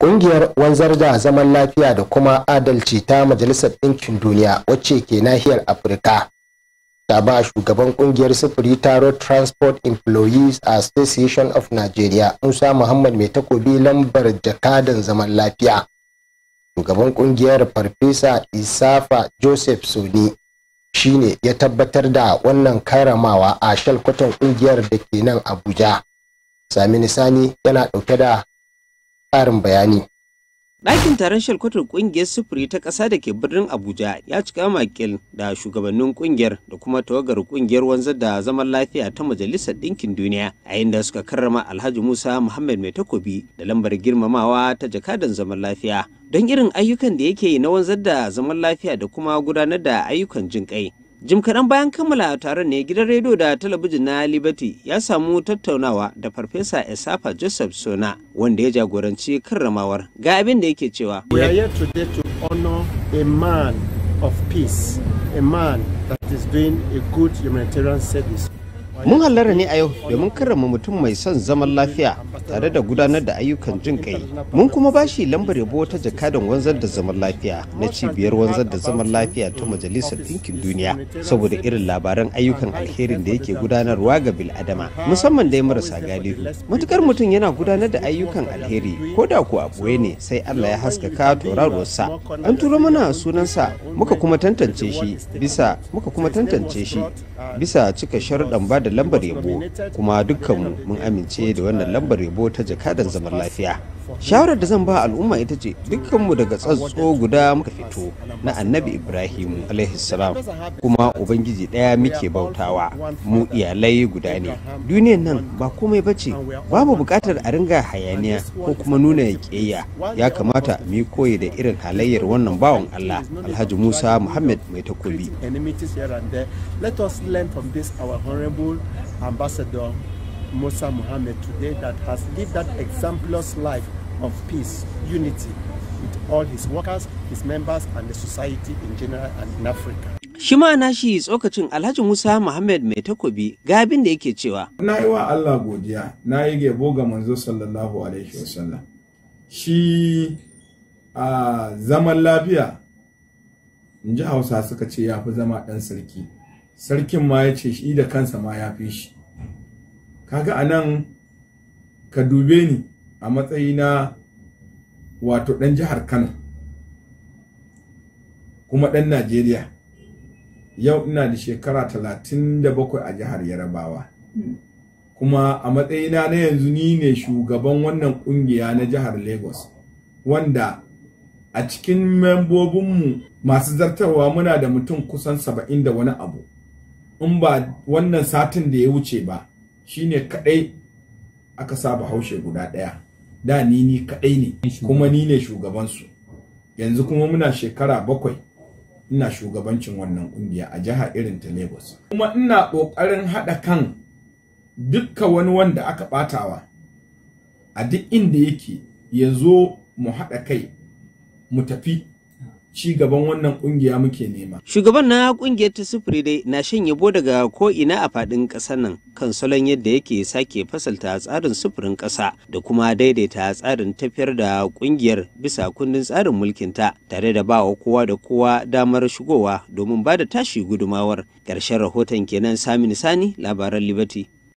Ƙungiyar wanzar da zaman lafiya da kuma adalci ta Majalisar Ɗinkin Duniya wacce ke nahiyar Afirka ta ba shugaban ƙungiyar sufuri ta Road Transport Employees Association of Nigeria Musa Muhammad mai takobi lambar jakadan zaman lafiya. Shugaban ƙungiyar Farfesa Isafa Joseph Soni shine ya tabbatar da wannan karamawa a shalkwatan ƙungiyar da ke nan Abuja. Sami nisani yana ɗauke da ƙarin bayani. Ɗakin taron shalkwatar ƙungiyar sufuri ta ƙasa da ke birnin Abuja ya cika makil da shugabannin ƙungiyar da kuma tawagar ƙungiyar wanzar da zaman lafiya ta Majalisar Ɗinkin Duniya a inda suka karrama Alhaji Musa Muhammad Mai Takobi da lambar girmamawa ta jakadan zaman lafiya don irin ayyukan da yake yi na wanzar da zaman lafiya da kuma gudanar da ayyukan jin ƙai. jim kaɗan bayan kammala taron ne gidan rediyo da talabijin na liberty ya samu tattaunawa da farfesa esafa joseph sona wanda ya jagoranci karramawar ga abin da yake cewa we are here today to honor a man of peace a man that is doing a good humanitarian service mun hallara ne a yau domin karrama mutum mai son zaman lafiya tare da gudanar da ayyukan jin kai mun kuma ba shi lambar yabo ta jakadan wanzar da zaman lafiya na cibiyar wanzar da zaman lafiya ta majalisar Dinkin duniya saboda irin labaran ayyukan alherin da yake gudanarwa ga bil'adama musamman da ya marasa galihu matukar mutum yana gudanar da ayyukan alheri ko da ku a ne sai allah ya haskaka tauraruwarsa an turo mana sunansa muka kuma tantance shi bisa muka kuma tantance shi bisa cika sharuɗan ba da lambar yabo kuma dukkanmu mun amince da wannan lambar yabo ta jakadan zaman lafiya shawarar da zan ba al'umma ita ce dukkanmu daga tsatso guda muka fito na annabi ibrahim salam kuma ubangiji ɗaya muke bautawa mu iyalai guda ne duniyan nan ba komai ba ce babu buƙatar a ringa hayaniya ko kuma nuna yaƙeya ya kamata mu koyi da irin halayyar wannan bawan allah alhaji musa muhammad mai takobi Musa Muhammad today that has lived that exemplous life of peace, unity with all his workers, his members and the society in general and in Africa. Shi ma na shi tsokacin Alhaji Musa Muhammad mai takobi ga da yake cewa. Na yi wa Allah godiya, na yi gebo ga manzo sallallahu alaihi wasallam. Shi a zaman lafiya in ji Hausa suka ce ya fi zama ɗan sarki. Sarkin ma ya ce shi da kansa ma ya fi shi. kaga anan ka dube ni a matsayina wato ɗan jihar Kano kuma ɗan Najeriya yau ina da shekara 37 a jihar Yarabawa hmm. kuma a matsayina na yanzu ni ne shugaban wannan kungiya na jihar Lagos wanda a cikin membobinmu masu zartarwa muna da mutum kusan saba'in da wani abu in ba wannan satin da ya wuce ba shine kadai aka saba haushe guda daya da ni ni kadai ne kuma ni ne shugabansu yanzu kuma muna shekara bakwai ina shugabancin wannan kungiya a jiha irin ta Lagos kuma ina kokarin hada kan dukka wani wanda aka batawa a duk inda yake yanzu mu haɗa kai mu tafi ci wannan kungiya muke nema. Shugaban na kungiyar ta sufuri dai na shan yabo daga ko ina a fadin kasar nan kan salon yadda yake sake fasalta tsarin sufurin kasa da kuma daidaita tsarin tafiyar da kungiyar bisa kundin tsarin mulkin ta tare da bawa kowa da kowa damar shigowa domin ba da tashi gudumawar. Ƙarshen rahoton kenan Saminu Sani labaran Liberty.